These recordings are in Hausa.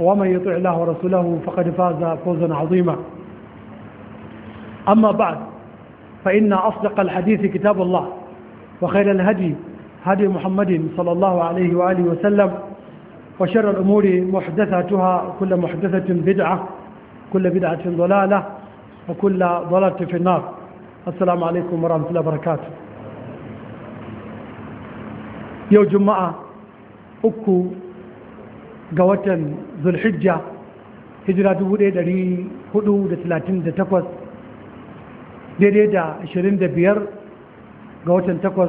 ومن يطع الله ورسوله فقد فاز فوزا عظيما أما بعد فإن أصدق الحديث كتاب الله وخير الهدي هدي محمد صلى الله عليه وآله وسلم وشر الأمور محدثاتها كل محدثة بدعة كل بدعة ضلالة وكل ضلالة في النار السلام عليكم ورحمة الله وبركاته يوم جمعة أكو ga watan zulhijja hijira 1438 daidai da 25 ga watan 8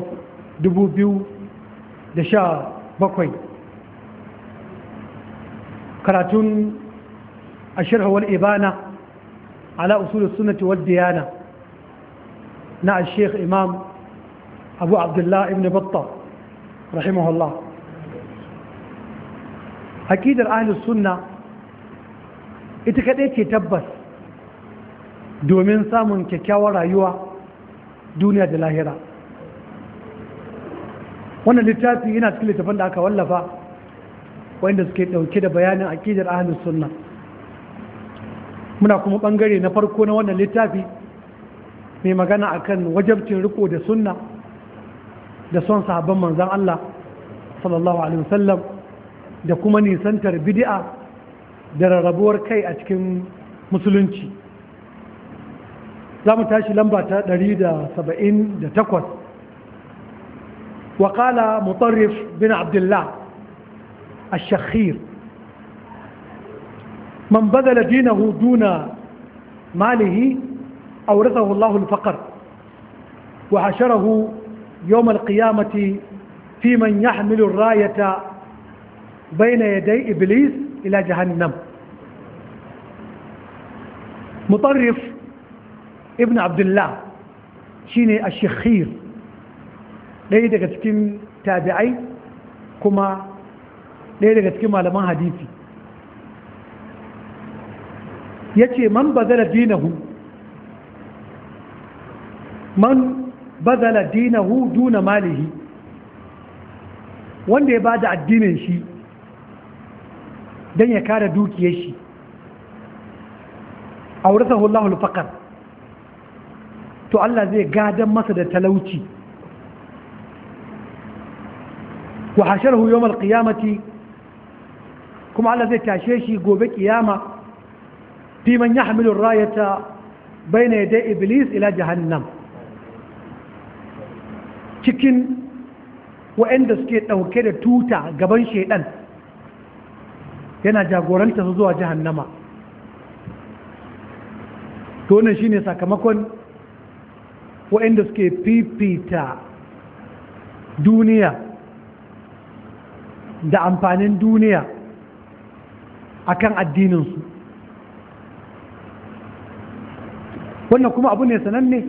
2017 karatun a shirhawar ibana ala usul sunnati wal diyana na al-sheikh imam abu Abdullahi ibn batta rahimahullah aƙidar ahlus sunna ita kaɗai ke tabbas domin samun kyakkyawar rayuwa duniya da lahira wannan littafi yana cikin littafin da aka wallafa wanda suke ɗauke da bayanin aƙidar ahlus sunna muna kuma ɓangare na farko na wannan littafi mai magana akan wajabcin riko da sunna da son sahabban manzan Allah sallallahu alaihi wasallam da kuma nisantar bid'a da rarrabuwar kai a cikin musulunci za mu tashi lamba ta 178 وقال مطرف بن عبد الله الشخير من بذل دينه دون ماله أورثه الله الفقر وحشره يوم القيامة في من يحمل الراية baina ya dai iblis ila jahannam mutarrif ibn abdullah shine ash-shakhir ɗaya daga cikin tabi'ai kuma ɗaya daga cikin malaman hadisi yace man bazala dinahu man bazala dinahu duna malihi wanda ya bada addinin shi don ya kada dukiyar shi a wurisahu Allahul faƙar to Allah zai gadon masa da talauci wa hasharhu yawmal qiyamati kuma Allah zai tashe shi gobe ƙiyama, diman ya yahmilu rayata ya dai iblis ila jahannam cikin waɗanda suke ɗauke da tuta gaban shaiɗan. yana jagoranta su zuwa jahannama tonin shine sakamakon waɗanda suke fifita duniya da amfanin duniya akan addininsu wannan kuma abu ne sananne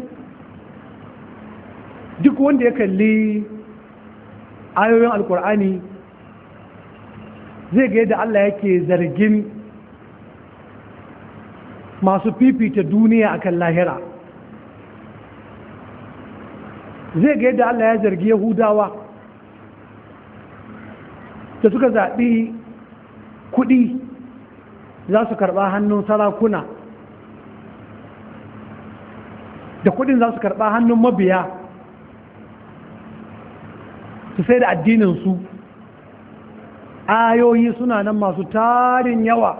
duk wanda ya kalli ayoyin alkur'ani zai ga yadda Allah yake zargin masu fifita duniya a kan lahira zai ga yadda Allah ya zargi yahudawa da suka zaɓi kuɗi za su karɓa hannun sarakuna da kuɗin za su karɓa hannun mabiya su sai da addininsu ayoyi suna nan masu tarin yawa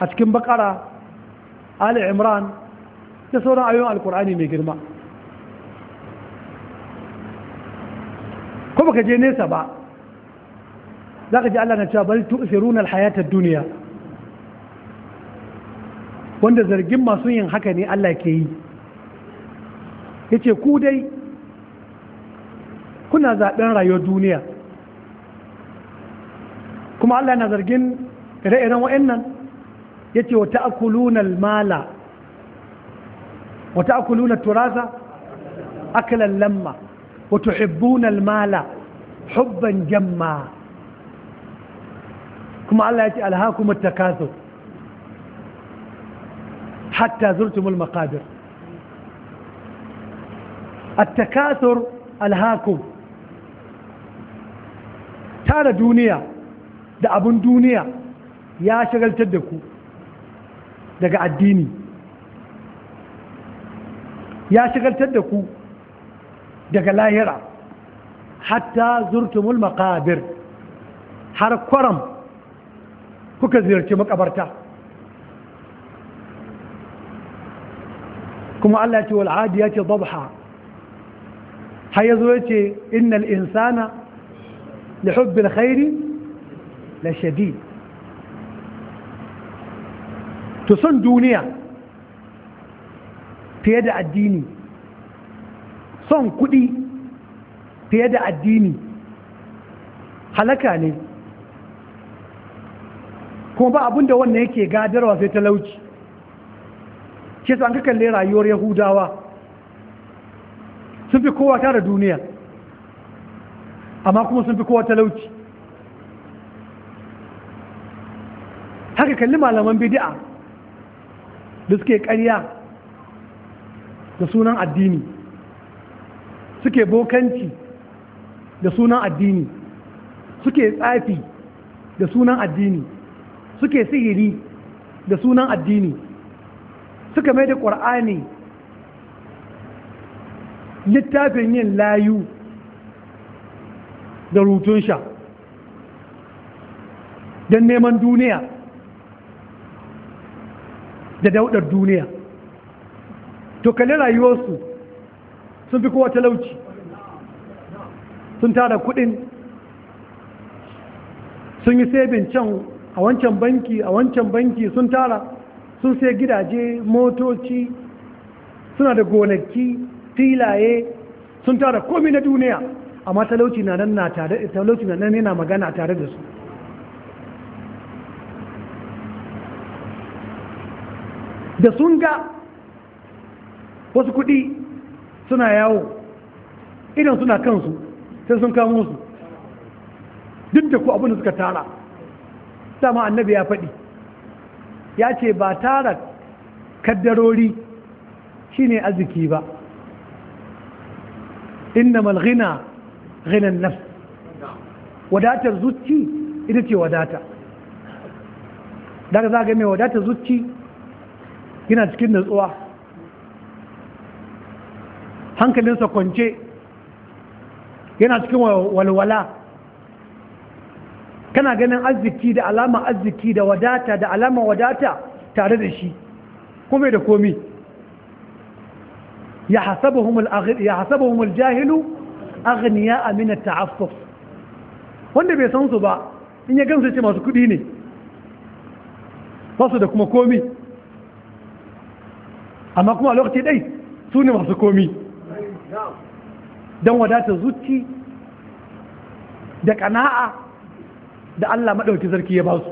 a cikin bakara ali imran da sauran ayoyin alkur'ani mai girma ko ka je nesa ba za ka ji allah na cewa bal tu'siruna alhayatar duniya wanda zargin masu yin haka ne allah ke yi ya ce ku dai kuna zaɓen rayuwar duniya kuma Allah yana zargin ire-iren wa'annan yace wa ta'kuluna al-mala wa ta'kuluna at-turasa aklan lamma wa tuhibbuna al-mala hubban jamma kuma Allah yace alhaakum at-takathur hatta zurtum al-maqabir التكاثر الهاكم tara duniya da abin duniya ya shagaltar da ku daga addini ya shagaltar da ku daga lahira hatta zurtumul makabir har kwaram kuka ziyarci makabarta kuma Allah ce wal'adi ya ce babha har ya zo ce innal insana da hubbil khairi la shadid to son duniya fiye da addini son kuɗi fiye da addini halaka ne kuma ba abinda wannan yake gadarwa sai talauci ke an ka kalle rayuwar yahudawa sun fi kowa tara duniya amma kuma sun fi kowa talauci haka kalli malaman bidi'a da suke karya da sunan addini suke bokanci da sunan addini suke tsafi da sunan addini suke sihiri da sunan addini suka mai da ƙwar'ani littafin yin layu da rutun don neman duniya da daudar duniya to kalli rayuwarsu sun fi kowa talauci sun tara kudin sun yi sabin can a wancan banki a wancan banki sun tara sun sai gidaje motoci suna da gonaki filaye sun tara komi na duniya amma talauci na na nan yana magana tare da su da sun ga wasu kuɗi suna yawo idan suna kansu sai sun kamo su duk da ku abin da suka tara dama annabi ya faɗi ya ce ba tara kaddarori shine arziki ba inda malghina ghinan nafs wadatar zuci ita ce wadata daga zagame wadatar zuci yana cikin natsuwa hankalinsa kwance yana cikin walwala kana ganin arziki da alama arziki da wadata da alama wadata tare da shi kome da komi ya hasabahum aljahilu aghniya amina ta'affuf wanda bai san su ba in ya gamsa ce masu kudi ne ba su da kuma komi amma kuma a lokaci dai su ne masu komi don wadata zuci da kana'a da Allah maɗauki zarki ya ba su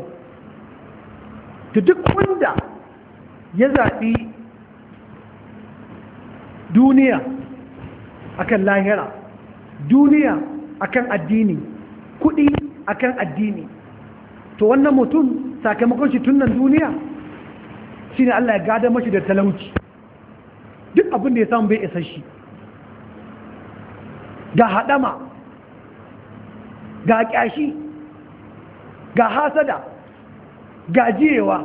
ta duk wanda ya zaɓi duniya akan lahira duniya akan addini kuɗi akan addini to wannan mutum sakamakon shi tunan duniya shi ne Allah ya gada mashi da talauci duk abin da ya samu bai isa shi ga haɗama ga ƙyashi ga hasada ga jiyewa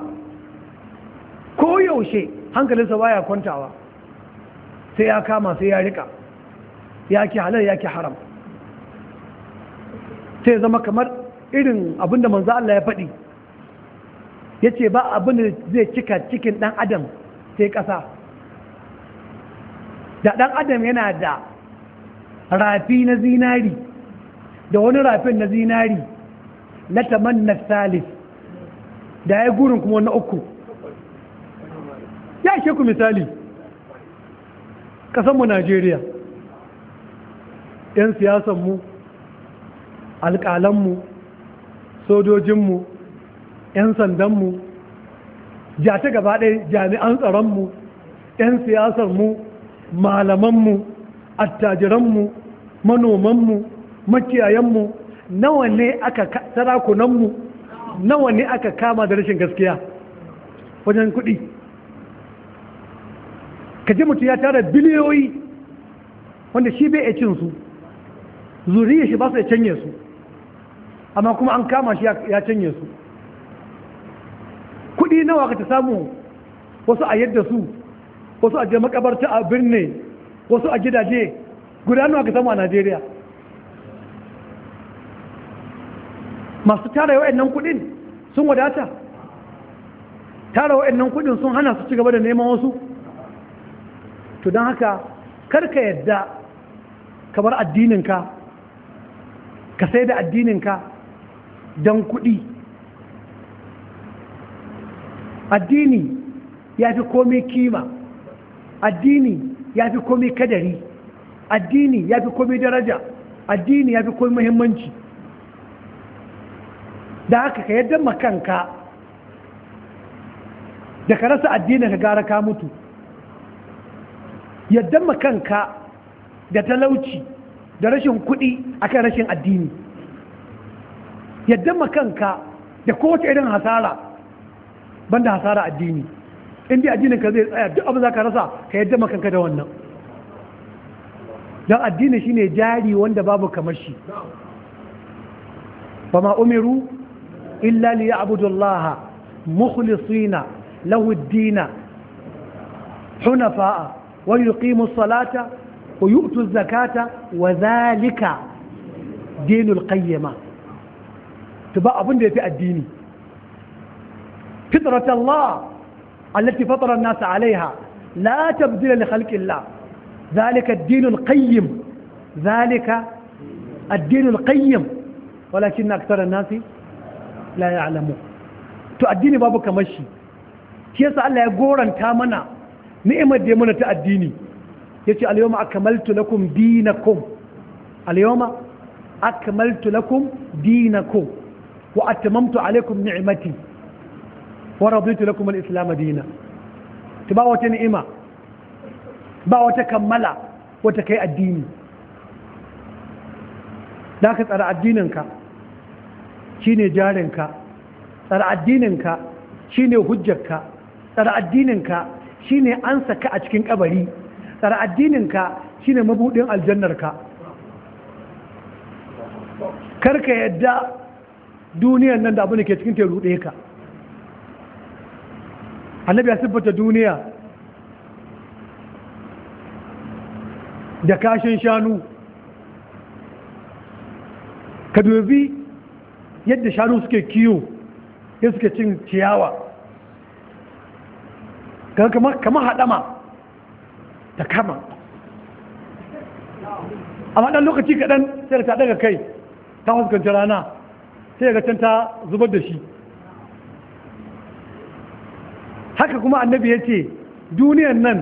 ko yaushe hankalinsa baya kwantawa sai ya kama sai ya rika ya ke halar ya ke haram sai zama kamar irin abinda manzo Allah ya faɗi ya ce ba abinda zai cika cikin ɗan adam sai ƙasa da ɗan adam yana da rafi na zinari da wani rafin na zinari na na salis da ya gurin kuma na uku ya ke ku misali ƙasanmu najeriya 'yan siyasanmu alƙalanmu sojojinmu 'yan sandanmu ja ta gaba ɗaya jami'an tsaronmu 'yan siyasanmu malamanmu attajiranmu manomanmu makiyayenmu nawa ne aka sarakunanmu nawa ne aka kama da rashin gaskiya wajen kuɗi kaji mutum ya tara biliyoyi wanda shi bai cin su zuriya shi ba su ya canye su amma kuma an kama shi ya canye su kuɗi nawa ka ta samu wasu a yadda su wasu a je makabarta a birni wasu a gidaje guda nawa ka samu a najeriya masu tara nan kudin sun wadata tara nan kudin sun hana su cigaba da neman wasu to don haka karka yadda kamar addininka ka sai da addininka don kudi addini ya fi komai kima addini ya fi komai kadari addini ya fi komai daraja addini ya fi komai muhimmanci da haka ka yadda makanka da ka rasa addini ka gara ka mutu yadda makanka da talauci da rashin kuɗi akan rashin addini yadda makanka da kowace irin hasara banda hasara addini in dai addinin ka zai tsaya duk abin za ka rasa ka yadda makanka da wannan don addini shine jari wanda babu kamar shi ba ma umiru illa li ya'budullaha mukhlisina lahu ad-dina hunafa'a wa yuqimu as-salata wa yu'tu az-zakata wa dhalika dinul qayyima to ba abin da yafi addini fitratallah التي فطر الناس عليها لا تبديل لخلق الله ذلك الدين القيم ذلك الدين القيم ولكن أكثر الناس لا يعلمون تؤديني بابك مشي كيس الله يقول تامنا نعمة ديمونة تأديني يتي اليوم أكملت لكم دينكم اليوم أكملت لكم دينكم وأتممت عليكم نعمتي wa raditu lakum al-islam dinan to ba wata ni'ima ba wata kammala wata kai addini da ka tsara addininka shine jarinka tsara addininka shine ka tsara addininka shine an saka a cikin kabari tsara addininka shine mabudin Kar karka yadda duniyar nan da abin da ke cikin ta ɗaya ka annabi ya siffata duniya da kashin shanu ka dubi yadda shanu suke kiyo ya suke cin ciyawa kama haɗama ta kama amma ɗan lokaci kaɗan sai da ta ɗaga kai ta fuskanci rana sai ga can ta zubar da shi haka kuma annabi ya ce duniyan nan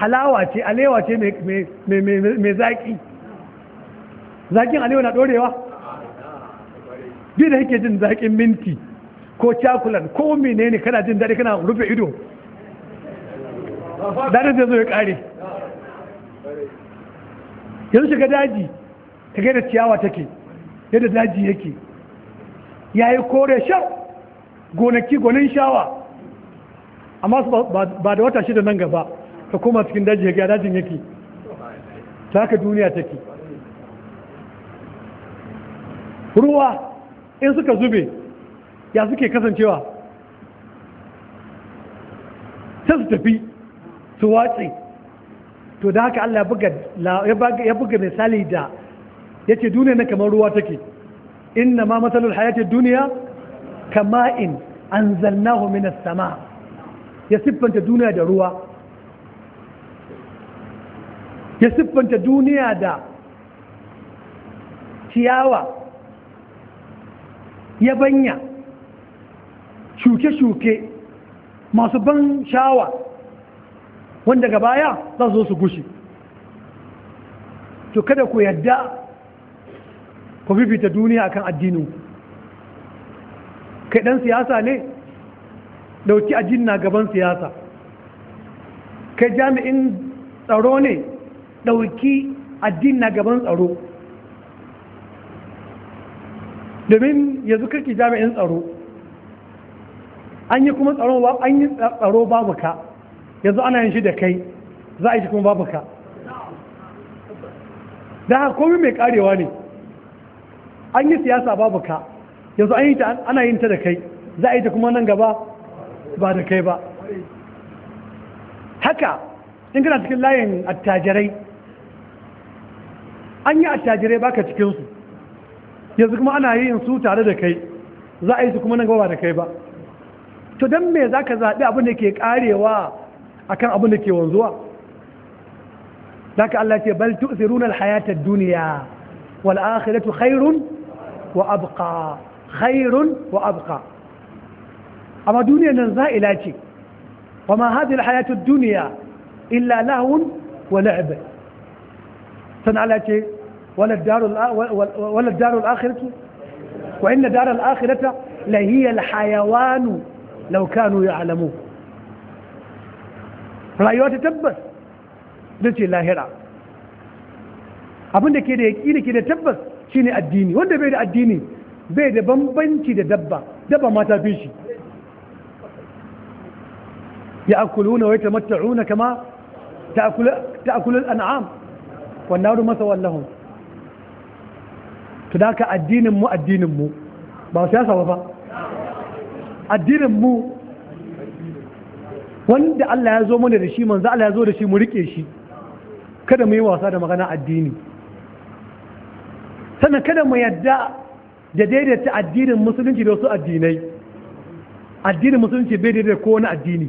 halawa ce alewa ce mai zaƙi zaƙin alewa na ɗorewa biyu da kake jin zaƙin minti ko cakulan ko menene kana jin daɗi kana rufe ido daɗin zai zo ya ƙare yanzu shiga daji ka gaida ciyawa take yadda daji yake ya yi kore sha gonaki gonin shawa amma ba da wata shida nan gaba ka koma cikin daji ya dajin yake ta haka duniya take ruwa in suka zube ya suke kasancewa ta su tafi su watsi to da haka Allah ya buga misali da ya ce duniya na kamar ruwa take inna ma matsalar hayatar duniya in an zannahu minas sama ya siffanta duniya da ruwa ya siffanta duniya da ciyawa ya banya shuke-shuke masu ban shawa wanda ga baya za su su gushi to kada ku yadda ku fifita duniya akan addinin kai dan siyasa ne Dauki a jinna gaban siyasa kai jami'in tsaro ne ɗauki addini gaban tsaro domin yanzu kake jami'in tsaro an yi kuma tsaro an yi tsaro babu ka yanzu ana yin shi da kai za a yi shi kuma babu ka da haka komi mai karewa ne an yi siyasa babu ka yanzu ana yin ta da kai za a yi ta kuma nan gaba ba da kai ba haka in kana cikin layin attajirai an yi attajirai baka cikinsu yanzu kuma ana yin su tare da kai za a yi su kuma nan gaba da kai ba to don me za ka zaɓi abin da ke ƙarewa a kan abin da ke wanzuwa za ka Allah ce bal tu'ziruna alhayatar duniya wal akhiratu khairun wa abqa khairun wa abqa أما دنيا زائلة وما هذه الحياة الدنيا إلا لهو ولعب سنعلى ولا الدار الآخرة وإن دار الآخرة لهي الحيوان لو كانوا يعلمون رأيوة تبس دلت الله هرع abin da ke da ya ƙi da ke da tabbas shi ne addini wanda bai da addini يأكلون ويتمتعون كما تأكل, تأكل الأنعام والنار مثوى لهم تداك الدين مو الدين مو ba siyasa ba addinin mu wanda Allah ya zo mana da shi manzo Allah ya zo da shi mu rike shi kada mu yi wasa da magana addini sannan kada mu yadda da daidaita addinin musulunci da wasu addinai addinin musulunci bai daidaita ko wani addini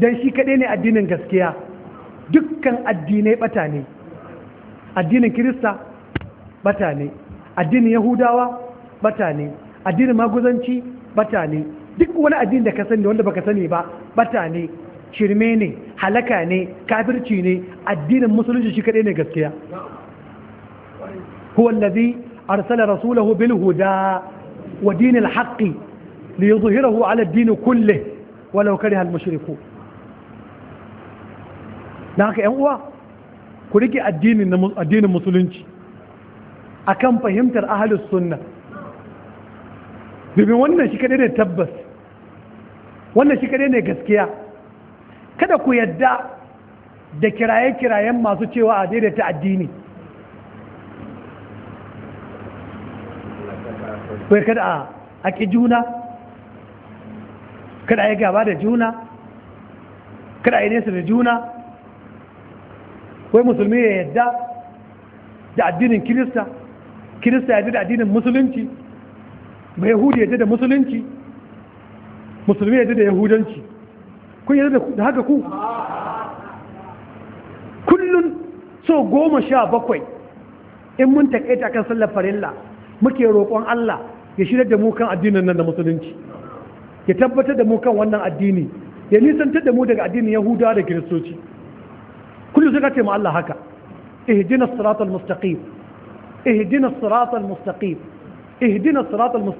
don shi kaɗai ne addinin gaskiya dukkan addinai ɓata ne addinin kirista ɓata ne addinin yahudawa ɓata ne addinin maguzanci ɓata ne duk wani addini da ka sani wanda baka sani ba ɓata ne shirme ne halaka ne kafirci ne addinin musulunci shi kaɗai ne gaskiya huwa allazi arsala rasulahu bil huda wa dinil haqqi liyudhhirahu ala ad-din kullih Na haka yan uwa ku rike addinin musulunci akan fahimtar ahalus sunna domin wannan shi kadai ne tabbas wannan shi kadai ne gaskiya kada ku yadda da kiraye-kirayen masu cewa a daidaita addini bai kada a aki juna kada a yi gaba da juna kada a yi nesa da juna wai musulmi ya yadda da addinin kirista kirista ya yadda da addinin musulunci mai yahudi ya yadda da musulunci musulmi ya yadda da yahudanci kun yadda da haka ku kullum so goma sha bakwai in mun taƙaita kan sallar farilla muke roƙon Allah ya shirya da mu kan addinin nan da musulunci ya tabbatar da mu kan wannan addini ya nisantar da mu daga addinin yahudawa da kiristoci kullu sai ka ce ma Allah haka ihdina siratal mustaqim ihdina siratal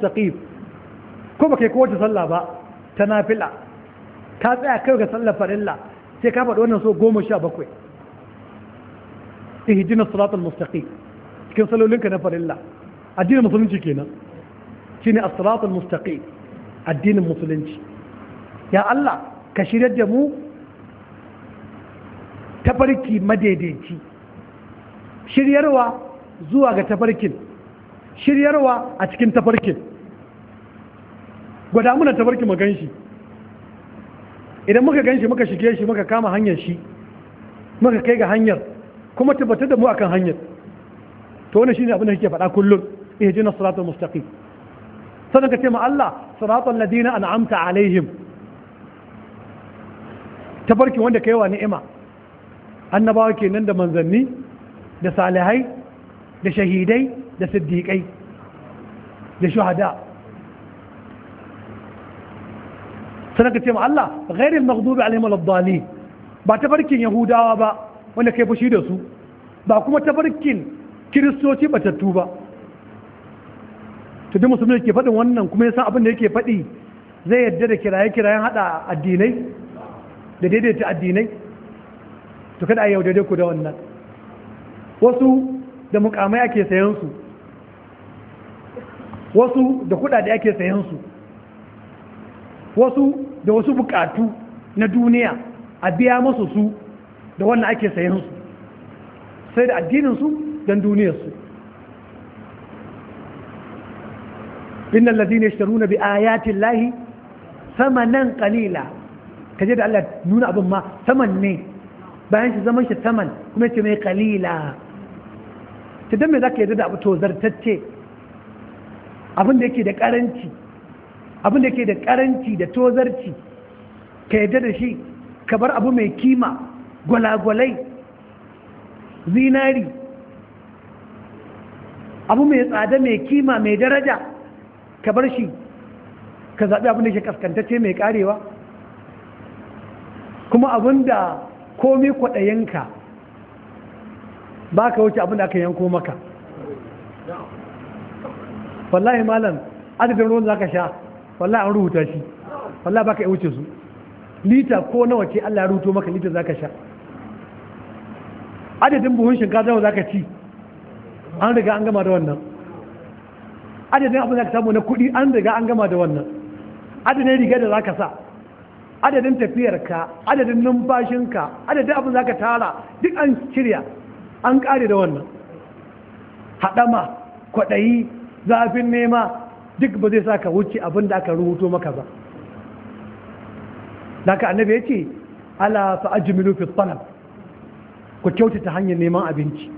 kowace sallah ba ta nafila ka tsaya kai ka sallar farilla sai ka faɗi wannan so goma sha bakwai ihdina siratal mustaqim cikin salolinka na farilla addinin musulunci kenan shine as musulunci ya Allah ka shirya da mu tafarki madaidaici shiryarwa zuwa ga tafarkin shiryarwa a cikin tafarkin gwada muna tafarki mu gan shi idan muka gan shi muka shige shi muka kama hanyar shi muka kai ga hanyar kuma tabbatar da mu akan hanyar to wannan shine abin da kake faɗa kullum jina siratal mustaqim sannan ka ce ma Allah siratal ladina an'amta alaihim tafarkin wanda kai wa ni'ima annabawa kenan da manzanni da salihai da shahidai da siddiƙai da shuhada sana ka ce ma Allah gairin maghdubi alaihim waladdallin ba tafarkin yahudawa ba wanda kai fushi da su ba kuma tafarkin kiristoci batattu ba to duk musulmi ke faɗin wannan kuma ya san abin da yake faɗi zai yadda da kiraye-kirayen haɗa addinai da daidaita addinai to kada a yaudare ku da wannan wasu da mukamai ake sayan su wasu da kudade ake sayan su wasu da wasu bukatu na duniya a biya masu su da wannan ake sayan su sai da addininsu don su inna lalzina yashtaruna bi ayatin lahi samanan kalila kaje da Allah nuna abin ma saman ne bayan shi zaman shi saman kuma ce mai kalila ta don mai za ka yi da abu to zartacce abin da yake da karanci abin da yake da karanci da tozarci ka yadda da shi ka bar abu mai kima gwalagwalai zinari abu mai tsada mai kima mai daraja ka bar shi ka zaɓi abin da ke kaskantacce mai karewa kuma abin da komi kwaɗayenka ba ka wuce abin da aka yanko maka wallahi malam adadin ruwan za ka sha wallahi an rubuta shi wallahi ba ka yi wuce su lita ko nawa ce allah ya rubuto maka lita za ka sha adadin buhun shinkafa za ka ci an riga an gama da wannan adadin abin da ka samu na kuɗi an riga an gama da wannan adadin riga da za ka sa adadin tafiyarka adadin numfashinka adadin abin za ka tara duk an shirya an ƙare da wannan haɗama kwaɗayi zafin nema duk ba zai sa ka wuce abin da aka rubuto maka ba da ka annabi ya ce ala fa'ajimilu fi talab ku kyautata hanyar neman abinci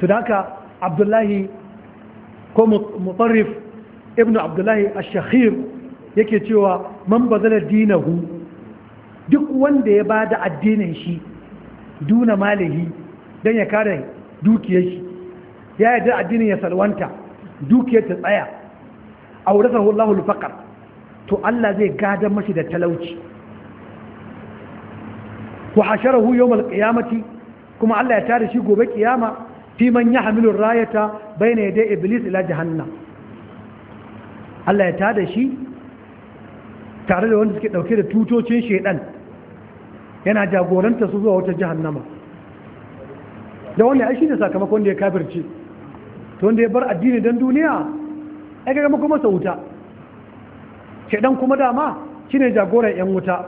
to abdullahi ko mutarrif ibnu abdullahi ash-shakhir yake cewa man bazala dinahu duk wanda ya ba da addinin shi duna malahi don ya kare dukiyar shi ya yarda addinin ya salwanta dukiyar ta tsaya a wurasa hullahul faƙar to Allah zai gada mashi da talauci wa hasharahu yawmal qiyamati kuma Allah ya tare shi gobe kiyama fi man yahmilu rayata bayna yaday iblis ila jahannam Allah ya tada shi tare da wanda suke dauke da tutocin shaidan, yana jagoranta su zuwa wata jahannama da wannan ai shine sakamakon da ya kafirce to wanda ya bar addini dan duniya ai ga kuma masa wuta shaidan kuma dama shine jagoran yan wuta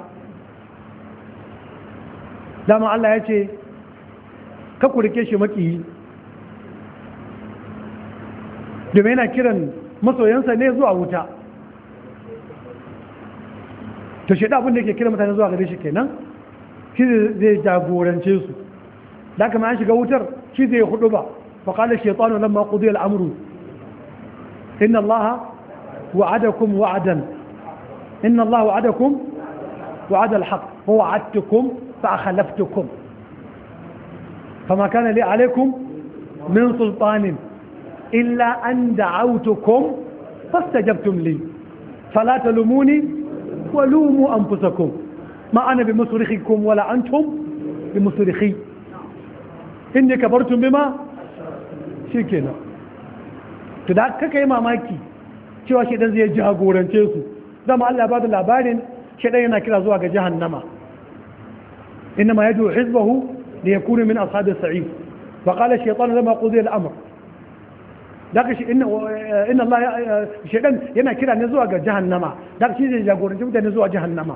dama Allah ya ce ka kurike shi makiyi domin yana kiran masoyansa ne zuwa wuta to shi abin da yake kira mutane zuwa gare shi kenan shi zai jagorance su da kama an shiga wutar shi zai hudu ba fa qala shaytanu lamma qudiya al-amru inna allaha wa'adakum wa'adan inna allaha wa'adakum wa'ada al-haq fa wa'adtukum fa akhlaftukum فما kana li alaykum min سلطان illa an da'awtukum fastajabtum li fala talumuni ولوموا أنفسكم ما أنا بمصرخكم ولا أنتم بمصرخي إني كبرتم بما شكنا تدعك كي ماماكي cewa shaidan zai jagorance su zama Allah ba da labarin shaidan yana kira zuwa ga jahannama inna ma yadu hizbahu li yakunu min ashabi sa'id fa qala shaytan daga shi inna Allah shedan yana kira ne zuwa ga jahannama daga shi zai jagoranci mutane zuwa jahannama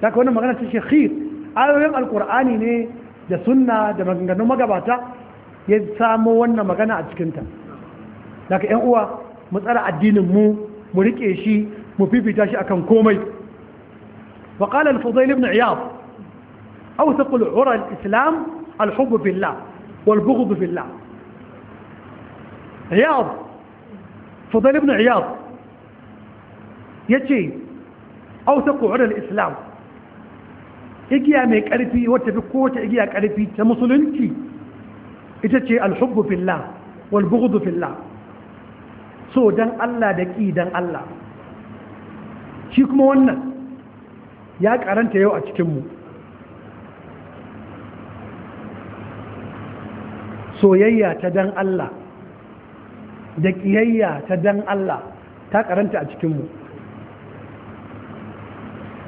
daga wannan magana ce shekhir ayoyin alkur'ani ne da sunna da maganganun magabata ya samo wannan magana a cikinta daga yan uwa mu tsara addinin mu mu rike shi mu fifita shi akan komai wa qala al-fudayl ibn iyad awthaq al-ura al-islam al-hubb billah wal bughd billah riyad fudal ibn riyad ya ce autaku wadda islam igiya mai ƙarfi wata fi kowace igiya ƙarfi ta musulunci ita ce alhubbu fillah wal bughdu so dan Allah da ƙi dan Allah shi kuma wannan ya karanta yau a cikinmu soyayya ta dan Allah da ƙiyayya ta dan Allah ta karanta a cikinmu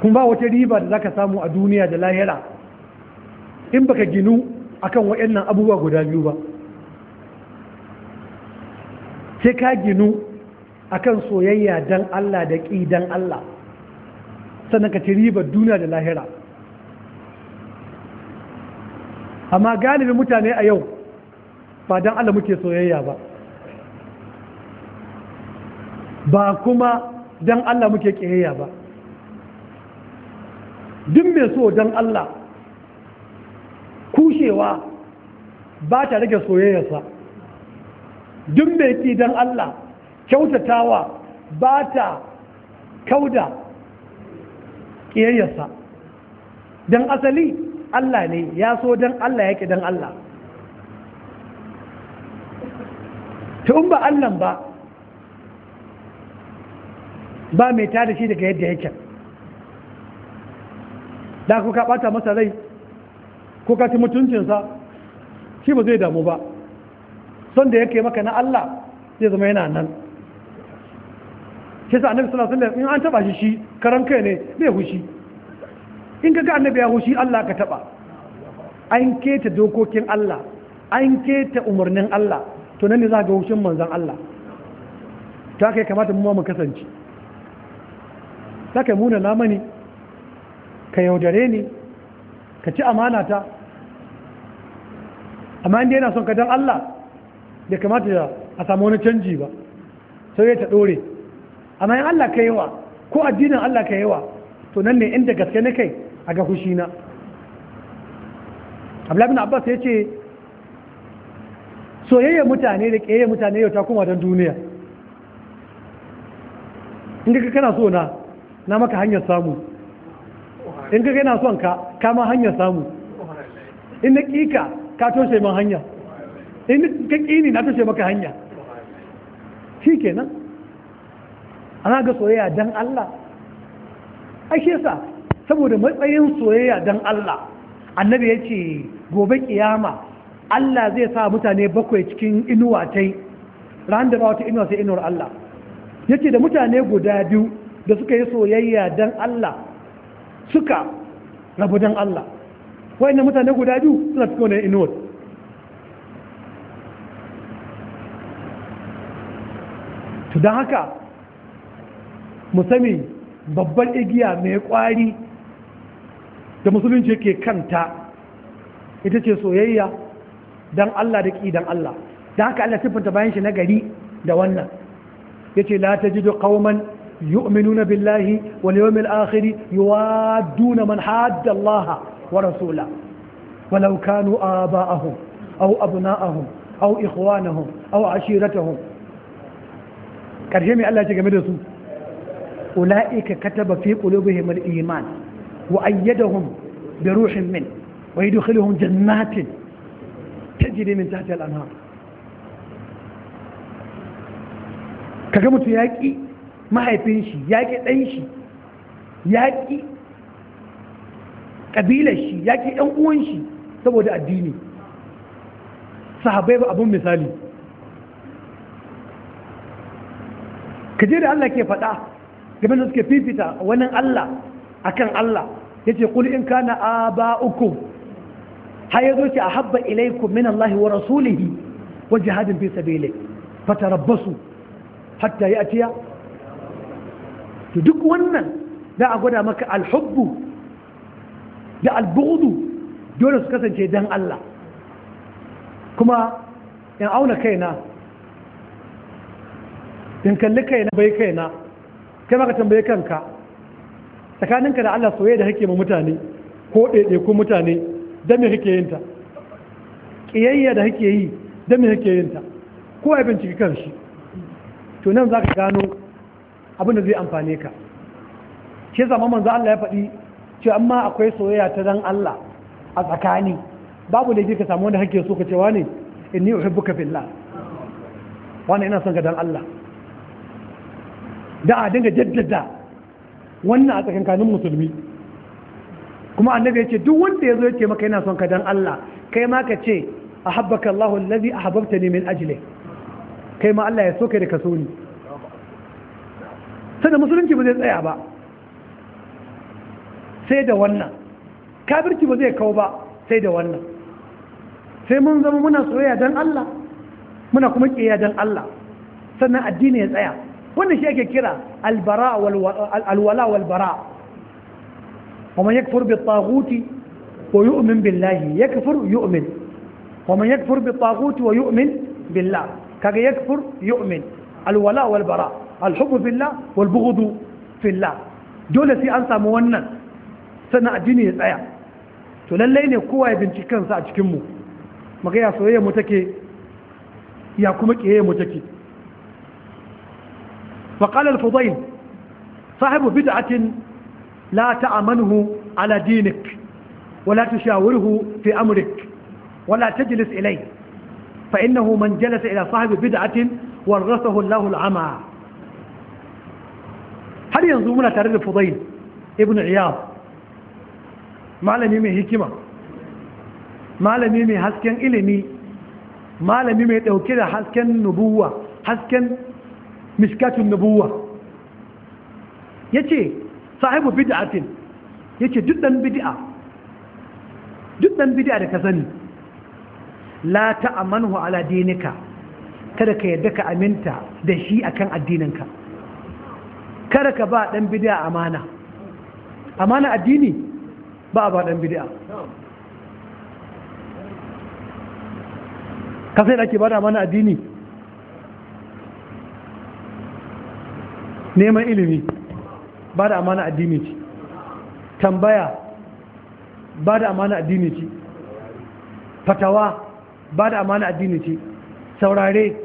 kun ba wata riba da za ka samu a duniya da lahira in baka ginu akan waɗannan abubuwa guda biyu ba sai ka ginu akan soyayya dan Allah da ƙi dan Allah sannan ka ci riba duniya da lahira amma galibin mutane a yau ba dan Allah muke soyayya ba ba kuma don Allah muke ƙiyayya ba duk mai so don Allah kushewa ba ta rage soyayyarsa duk mai ƙi don Allah kyautatawa ba ta kauda ƙiyayyarsa don asali Allah ne ya so don Allah ya ƙi don Allah ta in Allah ba ba mai tada shi daga yadda yake da kuka bata masa rai ko ka ci mutuncinsa shi ba zai damu ba son da yake maka na Allah zai zama yana nan shi sa annabi sallallahu alaihi wasallam in an taba shi shi karan kai ne bai hushi in kaga annabi ya hushi Allah ka taba an keta dokokin Allah an keta umarnin Allah to nan ne za ga hushin manzon Allah ta kai kamata mu ma mu kasance za muna na mani ka yaudare ni ka ci amanata amma inda yana son ka dan Allah da kamata a samu wani canji ba sai ta dore amma in Allah ka yawa ko addinin Allah ka yawa to nan ne inda gaske na kai a ga na. Abdullahi bin Abbas ya ce soyayya mutane da ƙeyayya mutane yau ta kuma don duniya inda ka kana so na na maka hanyar samu in ka gaina son ka kama hanyar samu in na ƙika ka toshe man hanya in ka ƙini na toshe maka hanya shi kenan ana ga soyayya don Allah ake sa saboda matsayin soyayya don Allah annabi ya ce gobe kiyama Allah zai sa mutane bakwai cikin inuwa ta ran da ba wata inuwa sai inuwar Allah ya da mutane guda biyu da suka yi soyayya dan Allah suka rabu dan Allah wa'annan mutane guda biyu suna fi kone inuwar to don haka mu babban igiya mai kwari da musulunci ke kanta ita ce soyayya dan Allah da ƙi dan Allah don haka Allah siffanta bayan shi na gari da wannan ya ce la ta jido يؤمنون بالله واليوم الآخر يوادون من حاد الله ورسوله ولو كانوا آباءهم أو أبناءهم أو إخوانهم أو عشيرتهم كرجمي الله تجمدهم أولئك كتب في قلوبهم الإيمان وأيدهم بروح منه ويدخلهم جنات تجري من تحت الأنهار كجمت ياكي mahaifin shi ya ƙi ɗan shi ya ƙi ƙabilar shi ya ‘yan uwan shi saboda addini sahabai ba abin misali kaje da Allah ke faɗa game da suke fifita wani Allah a kan Allah ya ce kuli in kana aba'ukum har ya zo ce a habba ilaikum min Allah wa rasulihi wa jihadin fi sabili fatarabbasu hatta ya'tiya to duk wannan za a gwada maka alhubbu da albudu dole su kasance dan Allah kuma in auna kaina in kalli kaina bai kaina kai maka tambaye kanka tsakaninka da Allah soyayya da hake ma mutane ko ko mutane don me hake yinta ƙiyayya da hake yi don me hake yinta ko ya binciki kan shi to nan za ka gano abinda zai amfane ka shi zama manzo Allah ya faɗi ce amma akwai soyayya ta dan Allah a tsakani babu da ka samu wanda hake so ka ce wani inni uhibbuka billah wani ina son ka dan Allah da a dinga jaddada wannan a tsakankanin musulmi kuma annabi ya ce duk wanda ya zo maka yana son ka dan Allah kai ma ka ce ahabbaka Allahu allazi ahabbtani min ajli kai ma Allah ya so kai da ka so ni sannan musulunci ba zai tsaya ba sai da wannan kafirci ba zai kawo ba sai da wannan sai mun zama muna soyayya don Allah muna kuma ƙiyayya don Allah sannan addini ya tsaya wannan shi ake kira albara alwala walbara ومن يكفر بالطاغوت ويؤمن بالله يكفر يؤمن ومن يكفر بالطاغوت ويؤمن بالله كما يكفر يؤمن الولاء والبراء alhubu billah wal bughdu fila, dole sai an samu wannan sannan addini ya tsaya to lallai ne kowa ya binciki kansa a cikin mu maka ya soyayya mu take ya kuma kiyaye mu take fa qala al-fudayl sahibu bid'atin la ta'amanuhu ala dinik ولا تشاوره في أمرك ولا تجلس إليه فإنه من جلس إلى صاحب بدعة ورثه الله العمى har yanzu muna tare da fudail ibn iyad malami mai hikima malami mai hasken ilimi malami mai dauke da hasken nubuwa hasken miskatun nubuwa yace sahibu bid'atin yace duk dan bid'a duk dan bid'a da ka sani la ta'amanhu ala dinika kada ka yadda ka aminta da shi akan addininka kada ka ba ɗan bid'a amana amana addini ba a ba ɗan bid'a kasai da ake ba da amana addini neman ilimi ba da amana addini ce tambaya ba da amana addini ce fatawa ba da amana addini ce saurare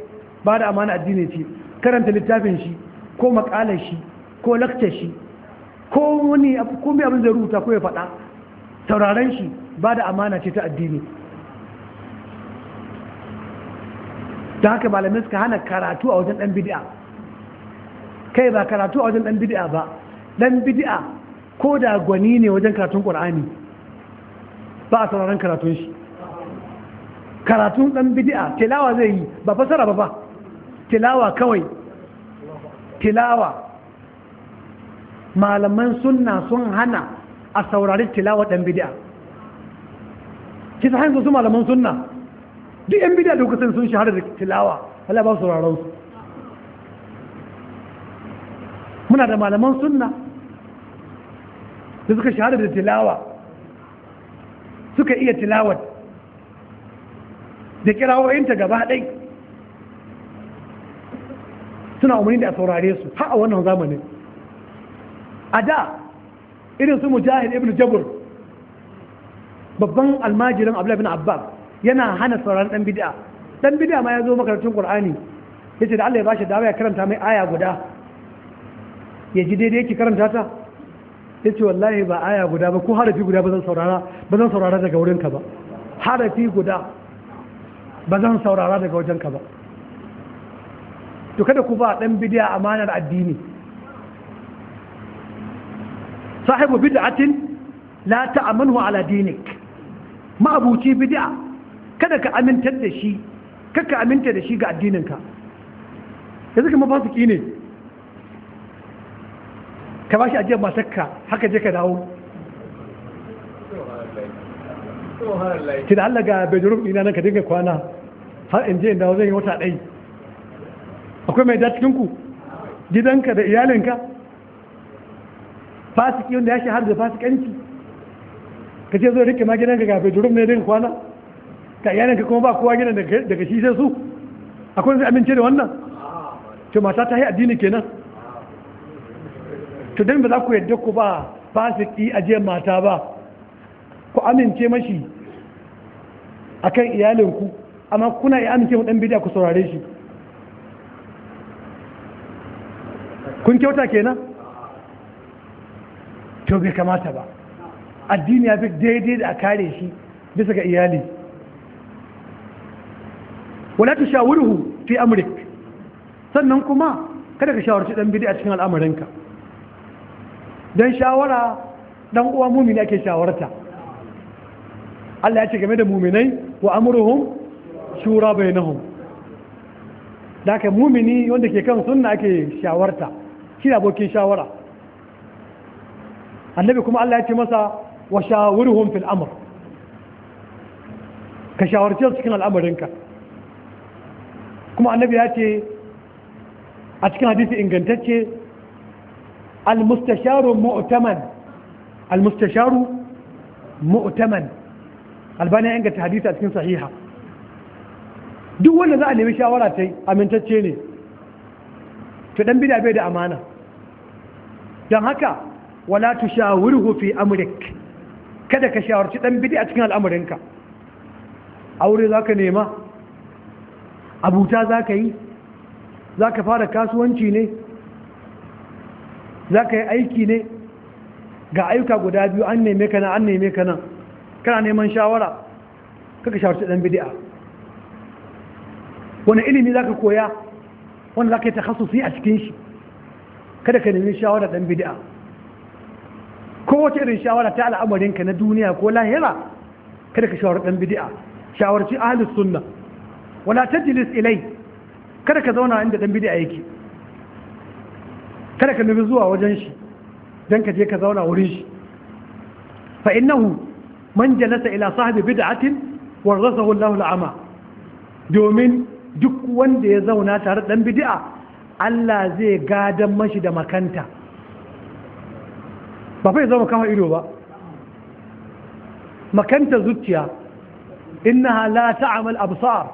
ba da amana addini ce karanta littafin shi ko makalar shi ko lakta shi ko wani ko abin zai rubuta ko ya faɗa sauraren shi ba da amana ce ta addini ta haka malamai suka hana karatu a wajen ɗan bid'a kai ba karatu a wajen ɗan bid'a ba ɗan bid'a ko da gwani ne wajen karatun ƙur'ani ba a sauraren karatun shi karatun ɗan bidi'a tilawa zai yi ba fasara ba ba tilawa kawai tilawa malaman sunna sun hana a saurari tilawa ɗan bidiya kisa hanyar su malaman sunna duk yan bidiya da kusan sun shahara da tilawa Allah ba su sauraron su muna da malaman sunna da suka shahara da tilawa suka iya tilawar da kirawoyinta gaba ɗai suna umarni da a saurare su har a wannan zamanin a da irin su mujahid ibn jabur babban almajirin abu labin abbas yana hana sauraron dan bid'a dan bid'a ma ya zo makarantun qur'ani ce da Allah ya bashi dawa ya karanta mai aya guda ya ji daidai yake karanta ta ce wallahi ba aya guda ba ko harafi guda ba zan saurara daga wurin ka daga wurinka ba harafi guda ba zan saurara daga wajenka ba to kada ku ba dan bidiya amanar addini sahibu bid'atin la ta'amanu ala dinik ma'abuci bid'a kada ka amintar da shi kaka aminta da shi ga addininka yanzu kuma fasiki ne ka ba shi ajiyar matakka haka je ka dawo ki da Allah ga bedroom ina nan ka dinga kwana har in je in dawo zan yi wata ɗai akwai mai da cikinku gidanka da iyalinka fasiki wanda ya shahar da fasikanci ka ce zo rike ma gidan ga gafe durum ne daga kwana ka iyalan ka kuma ba kowa gidan daga shi sai su akwai zai amince da wannan to mata ta yi addini kenan to dan ba za ku yadda ku ba fasiki a je mata ba ku amince mashi kan iyalinku amma kuna iya amince mu dan bidiya ku saurare shi kun kyauta kenan to bai kamata ba addini ya fi daidai da a kare shi bisa ga iyali wala ta shawurhu fi amrik sannan kuma kada ka shawarci dan bidi a cikin al'amarinka don shawara dan uwa mumini ake shawarta Allah ya ce game da muminai wa amruhum shura bainahum da ka mumini wanda ke kan sunna ake shawarta shi abokin shawara annabi kuma Allah ya ce masa wa shawirhum fil amr ka shawarce su cikin al'amarinka kuma annabi ya ce a cikin hadisi ingantacce al-mustasharu mu'taman al-mustasharu mu'taman albani ya inganta hadisi a cikin sahiha duk wanda za a nemi shawara ta amintacce ne to dan bida bai da amana don haka wala tushawirhu fi amrik kada ka shawarci dan a cikin al'amuranka aure zaka nema abuta zaka yi zaka fara kasuwanci ne zaka yi aiki ne ga ayyuka guda biyu an neme ka nan an neme ka nan kana neman shawara kaka shawarci dan bidi'a, wani ilimi zaka koya wani zaka yi takhassusi a cikin shi kada ka nemi shawara dan bidi'a. Ko wace irin shawara ta al'amarinka na duniya ko lahira kada ka shawar ɗan bidi'a shawarci ahalus sunna wala tajlis ilai kada ka zauna inda ɗan bidi'a yake kada ka nufi zuwa wajen shi don ka je ka zauna wurin shi fa innahu man jalasa ila sahibi bid'atin warasahu Allahu al'ama domin duk wanda ya zauna tare ɗan bidi'a Allah zai gadan mashi da makanta ba fai zama kama ido ba makanta zuciya innaha la ta'amal absar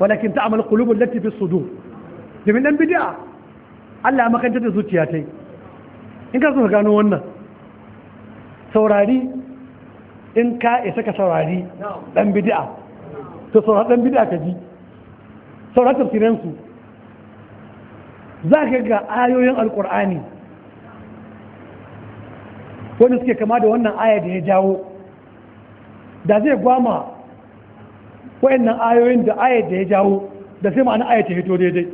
walakin ta'amal kulubun lati fi sudur domin dan bid'a Allah makanta da zuciya ta yi. in ka so gano wannan saurari in ka isa ka saurari dan bid'a to saurari dan bid'a ka ji saurari tafsirin za ka ga ayoyin alqur'ani wani suke kama da wannan aya da ya jawo da zai gwama wayannan ayoyin da aya da ya jawo da sai ma'ana aya ta hito daidai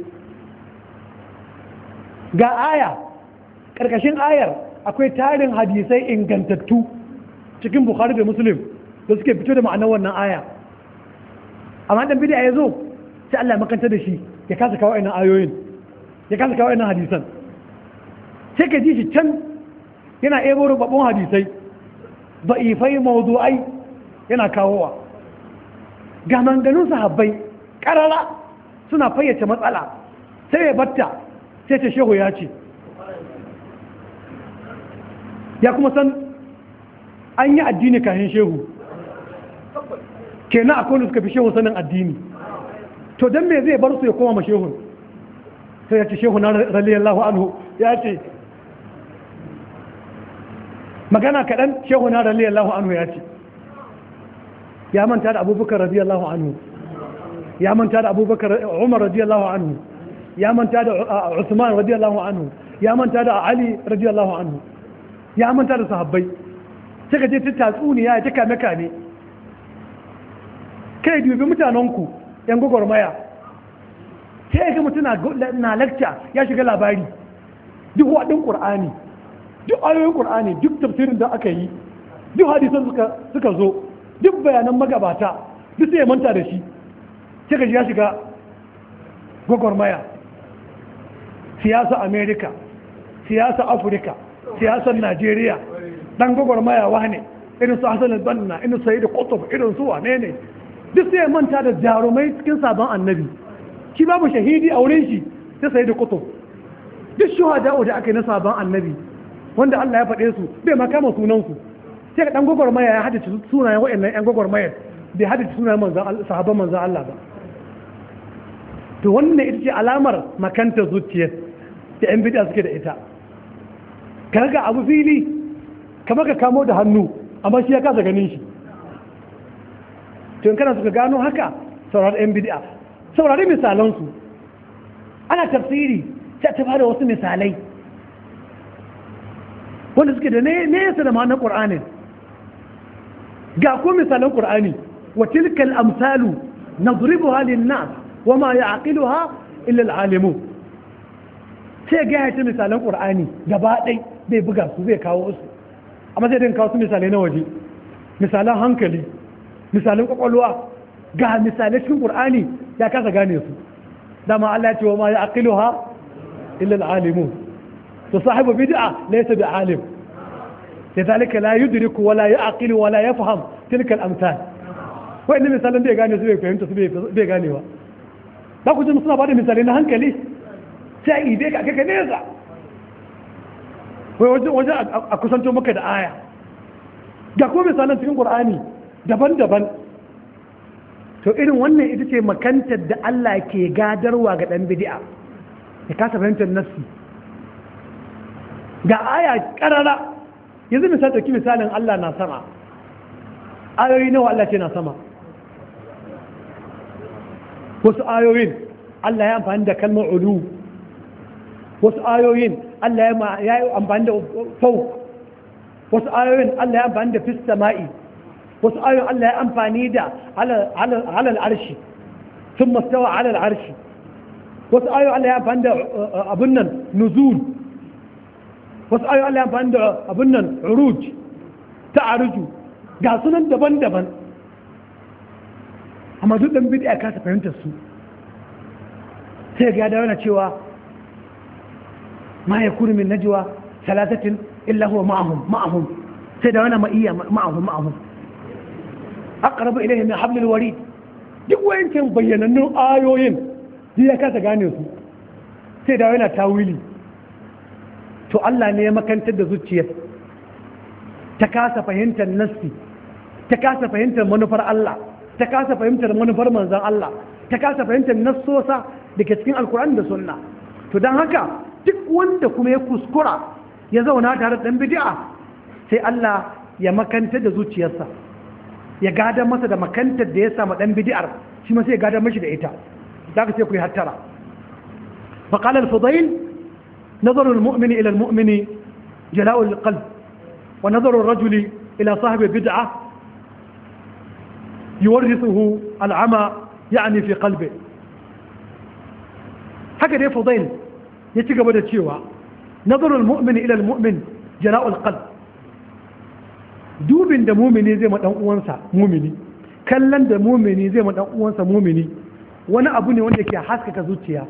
ga aya ƙarƙashin ayar akwai tarin hadisai ingantattu cikin bukhari da muslim da suke fito da ma'anar wannan aya amma dan bidiya ya zo sai Allah makanta da shi ya kasa kawo ayoyin ya kasa kawo hadisan sai ka ji shi can yana ebo rubabbun hadisai da'ifai mawdu'ai yana kawowa ga manganun sahabbai karara suna fayyace matsala sai ya batta sai ta shehu ya ce ya kuma san an yi addini kayan shehu kenan akwai da suka fi shehu sanin addini to don me zai bar su ya koma ma shehu? sai ya ce shehu na lahu anhu ya ce magana kaɗan shehu na radiyallahu anhu ya ce ya manta da abubakar radiyallahu anhu ya manta da abubakar umar radiyallahu anhu ya manta da usman radiyallahu anhu ya manta da ali radiyallahu anhu ya manta da sahabbai ta je ta tatsuniya ta kame kame kai dubi mutanenku yan gwagwarmaya sai ga mutum na lakca ya shiga labari duk waɗin ƙur'ani duk ayoyin qur'ani duk tafsirin da aka yi duk hadisan suka suka zo duk bayanan magabata duk sai ya manta da shi sai ka shiga shiga gwagwarmaya siyasa america siyasa africa siyasar najeriya dan gwagwarmaya wane irin su hassan banna irin su da irin su wane ne duk sai ya manta da jarumai cikin sabon annabi shi babu shahidi a wurin shi sai da qutb duk shuhada da aka yi na sabon annabi wanda Allah ya faɗe su bai ma kama sunansu sai ka dan gwagwarmaya ya haddace sunayen waɗannan yan gwagwarmayar bai haddace sunayen manzan sahabban manzan Allah ba to wannan ita ce alamar makanta zuciyar da yan bidiyar suke da ita ka ga abu fili kamar ka kamo da hannu amma shi ya kasa ganin shi to in kana suka gano haka saurari yan saurari misalansu ana tafsiri sai ta bada wasu misalai wanda suke da nesa da ma'anar ƙur'anin ga ko misalan ƙur'ani wa tilkal amsalu zuribu halin na wa ma aƙilu illa al alimu sai ga ya misalin misalan ƙur'ani gaba ɗai bai buga su zai kawo su amma sai dai kawo su misalai na waje misalan hankali misalan ƙwaƙwalwa, ga misalai cikin ƙur'ani ya kasa gane su dama Allah ya ce wa ma aƙilu illa al alimu to بدعة ليس بعالم لذلك alim يدرك ولا يعقل wala يفهم wala الأمثال وإن al-amsal wai ne misalan da ya gane su bai fahimta su bai ganewa ba ku ji suna bada misalai na hankali sai a جاكو ka kaka nesa wai دبن wajen to irin wannan ita ce makantar da Allah ke gadarwa ga ɗan bid'a ya kasa fahimtar nassi ga aya karara yanzu misali ɗauki misalin Allah na sama ayoyi nawa Allah ce na sama wasu ayoyin Allah ya amfani da kalmar ulu wasu ayoyin Allah ya yi amfani da fauk wasu ayoyin Allah ya amfani da fista ma'i wasu ayoyin Allah ya amfani da halal arshi sun mastawa halal arshi wasu ayoyin Allah ya amfani da eh, eh, abin nan nuzul wasu ayo Allah amfani da abin nan ruj ta aruju ga sunan daban-daban amma duk dan bid'a ka kasa fahimtar su sai ga da yana cewa ma ya yakunu min najwa thalathatin illa huwa ma'ahum ma'ahum sai da wani ma'iyya ma'ahum ma'ahum aqrabu ilayhi min hablil warid duk wayancin bayyanannun ayoyin ya kasa gane su sai da yana tawili to Allah ne ya makantar da zuciyar ta kasa fahimtar nassi ta kasa fahimtar manufar Allah ta kasa fahimtar manufar manzan Allah ta kasa fahimtar nassosa da cikin alkur'ani da sunna to don haka duk wanda kuma ya kuskura ya zauna tare da bid'a sai Allah ya makantar da zuciyarsa ya gada masa da makantar da ya samu dan bid'ar shi ma sai ya gada mashi da ita zaka ce ku yi hattara faqala al نظر المؤمن إلى المؤمن جلاء القلب ونظر الرجل إلى صاحب بدعة يورثه العمى يعني في قلبه هكذا يا فضيل ض ي تشيوها نظر المؤمن إلى المؤمن جلاء القلب دوب د مؤمني زي ما د و مؤمني كلا د مؤمني زي ما د و مؤمني وانا أبوني وانك يا حاسك كزوتيا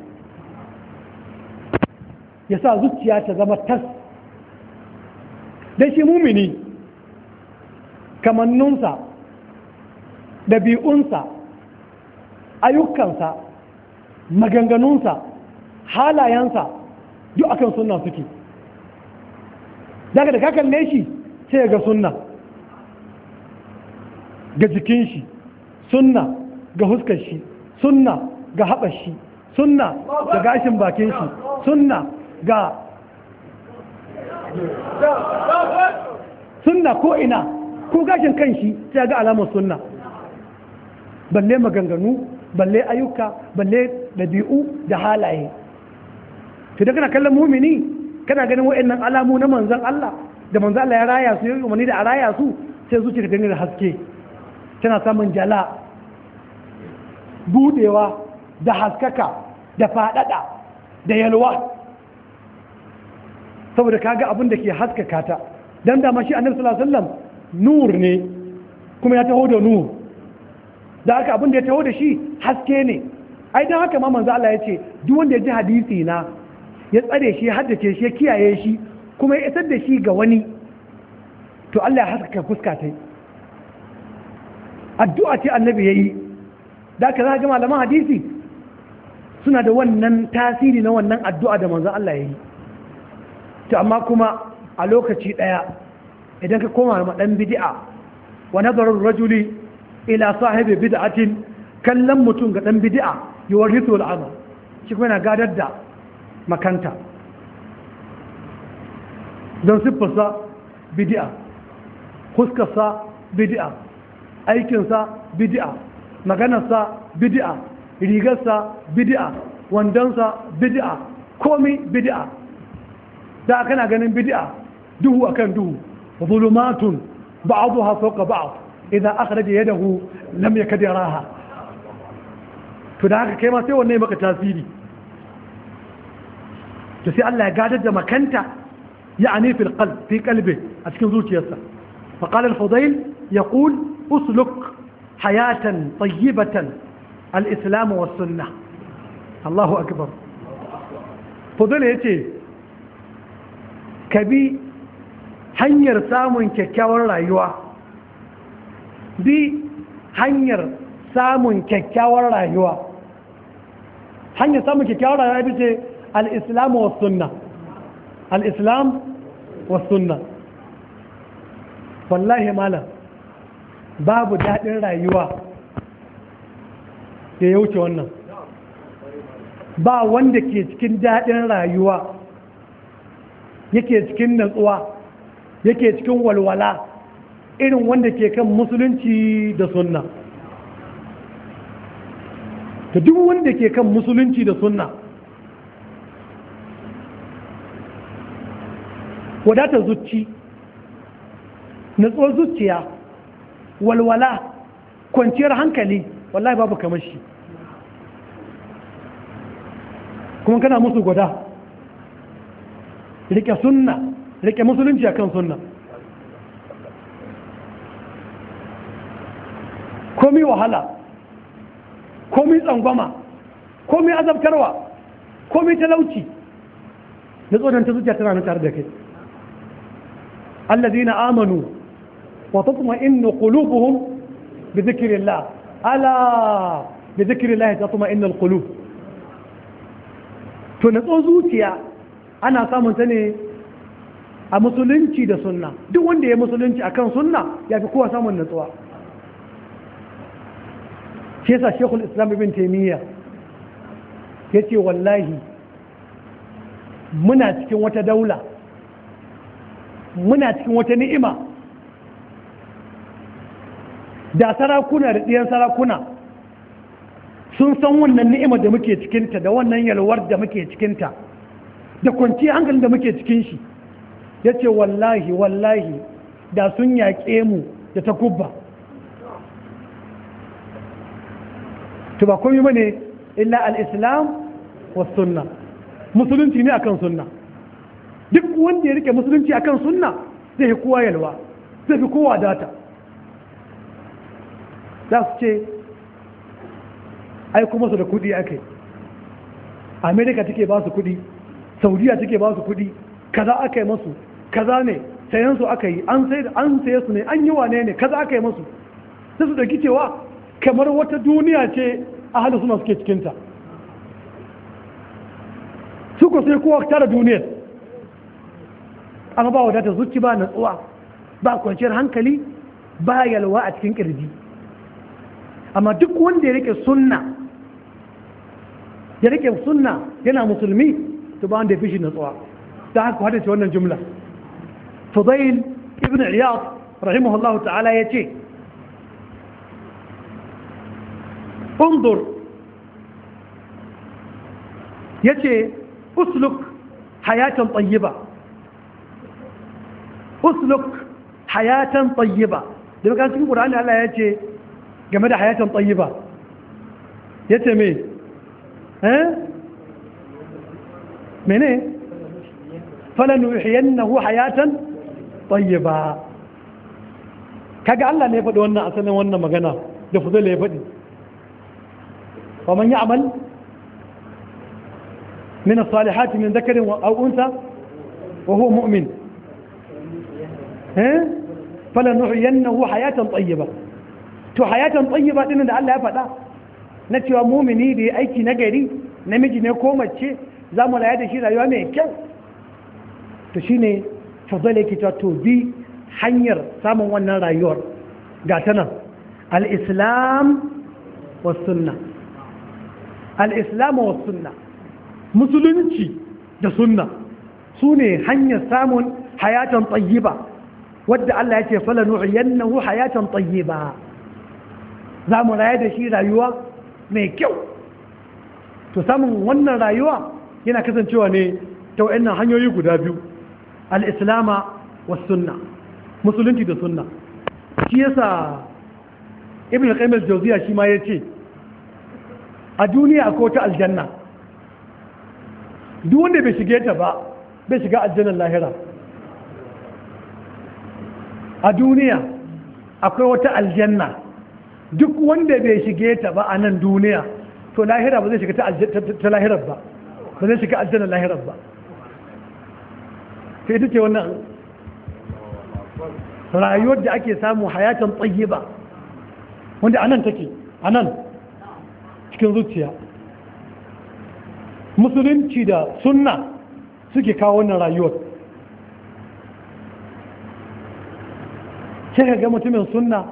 ya sa zuciya ta zama tas da shi mumini kamannunsa, ɗabi'unsa ayyukansa maganganunsa halayensa duk akan sunna suke daga da kakan kalle shi sai ga sunna ga jikin shi sunna ga huskar shi sunna ga haɓar shi sunna ga gashin bakin shi sunna ga sunna ko ina ko gashin kanshi ta ga alamar sunna balle maganganu balle ayyuka balle ɗabi'u da halaye to da kana kallon mumini kana ganin wa'annan alamu na manzon Allah da manzon Allah ya raya su ya umarni da a raya su sai da ta da haske tana samun jala budewa da haskaka da fadada da yalwa saboda kaga abin da ke haskaka ta dan da mashi annabi sallallahu alaihi wasallam nur ne kuma ya taho da nur da haka abin da ya taho da shi haske ne ai dan haka ma manzo Allah ya ce duk wanda ya ji hadisi na ya tsare shi ya haddace shi ya kiyaye shi kuma ya isar da shi ga wani to Allah ya haskaka fuska ta addu'a ce annabi yayi da haka za ga malaman hadisi suna da wannan tasiri na wannan addu'a da manzo Allah ya yi. to amma kuma a lokaci ɗaya idan ka koma ma ɗan bidi'a wa nazarin rajuli ila sahibi bid'atin kallon mutum ga ɗan bidi'a yi warhisu alama, shi kuma yana gadar da makanta don siffarsa bidi'a huskarsa bidi'a sa, bidi'a maganarsa bidi'a rigarsa bidi'a wandonsa bidi'a komi bidi'a da kana ganin bidi'a duhu a kan duhu zulumatun ba a zuwa sauka idan aka rage yadda hu nan ya kada raha to da aka kai ma sai wanne maka tasiri da sai allah ya gadar da makanta ya a nufin kalbe a cikin zuciyarsa makalar fadil ya kun usluk hayatan tsayibatan al-islamu wasu sunna allahu akbar fadil ya ce ka bi hanyar samun kyakkyawar rayuwa bi hanyar samun kyakkyawar rayuwa hanyar samun kyakkyawar rayuwa bi ce al'islam wa sunna al'islam wa sunna wallahi malam babu daɗin rayuwa da ya wuce wannan ba wanda ke cikin daɗin rayuwa yake cikin natsuwa yake cikin walwala irin wanda ke kan musulunci da sunna ta duk wanda ke kan musulunci da sunna wadatar zuci natsuwar zuciya walwala kwanciyar hankali wallahi babu kamar shi kuma kana musu gwada rike sunna rike musulunci akan sunna komi wahala komi tsangwama komi azabtarwa komi talauci da tsodanta zuciya tana na tare da kai na amanu wa tatma'innu qulubuhum bi la ala bi dhikrillah tatma'innu alqulub to na zuciya ana samun ta ne a musulunci da sunna duk wanda ya musulunci a kan sunna ya fi kowa samun natsuwa ke sa shekul islam ibn taimiyya ya ce wallahi muna cikin wata daula muna cikin wata ni'ima da sarakuna da ɗiyan sarakuna sun san wannan ni'ima da muke cikinta da wannan yalwar da muke cikinta da kwanci hankalin da muke cikin shi ya ce wallahi wallahi da sun yaƙe mu da ta kubba to ba komi bane illa Al'islam wa sunna musulunci ne akan sunna duk wanda ya rike musulunci akan sunna zai fi kowa yalwa zai fi kowa data za su ce ai kuma su da kudi ake Amerika take ba su kudi saudiya take ba su kuɗi kaza aka yi masu kaza ne sayan su aka yi an saye su ne an yi wane ne kaza aka yi masu sai su da cewa kamar wata duniya ce a halin suna suke cikinta su ku sai kowa tara duniyar an ba wadatar zuci ba natsuwa ba kwanciyar hankali ba yalwa a cikin kirji amma duk wanda ya rike sunna ya rike sunna yana musulmi تبقى عندي فيش النطوع دعاك وحدث وانا الجملة فضيل ابن عياض رحمه الله تعالى يتي انظر يتي اسلك حياة طيبة اسلك حياة طيبة لما كان تقول عنه على يتي قمد حياة طيبة يتي مين ها mene falanu ihyannahu hayatan tayyiba kaga Allah ne ya faɗi wannan asalin wannan magana da fuzula ya faɗi wa man ya'mal min as-salihati min dhakarin aw unsa wa huwa mu'min eh falanuhyiyannahu hayatan tayyiba to hayatan tayyiba din da Allah ya faɗa na cewa mumini da ya aiki na gari namiji ne ko mace za mu laya da shi rayuwa mai kyau to shi ne fadala yake to bi hanyar samun wannan rayuwar ga ta nan al'islam wa sunna al'islam wa sunna musulunci da sunna su ne hanyar samun hayatan tsayiba wadda Allah ya ce fala nu'iyannahu hayatan tayyiba za mu raya da shi rayuwa mai kyau to samun wannan rayuwa yana kasancewa ne ta wayannan hanyoyi guda biyu al’islama wa sunna musulunci da sunna shi yasa ibn al al jauziya shi ma ce, a duniya akwai wata aljanna duk wanda bai shige ta ba bai shiga aljannan lahira a duniya akwai wata aljanna duk wanda bai shige ta ba a nan duniya to lahira ba zai shiga ta lahirar ba ba zai shiga aljanna lahirar ba Ta ita ce wannan rayuwar da ake samu hayatan tsaye ba wanda anan take anan cikin zuciya musulunci da sunna suke kawo wannan rayuwar sai ga mutumin sunna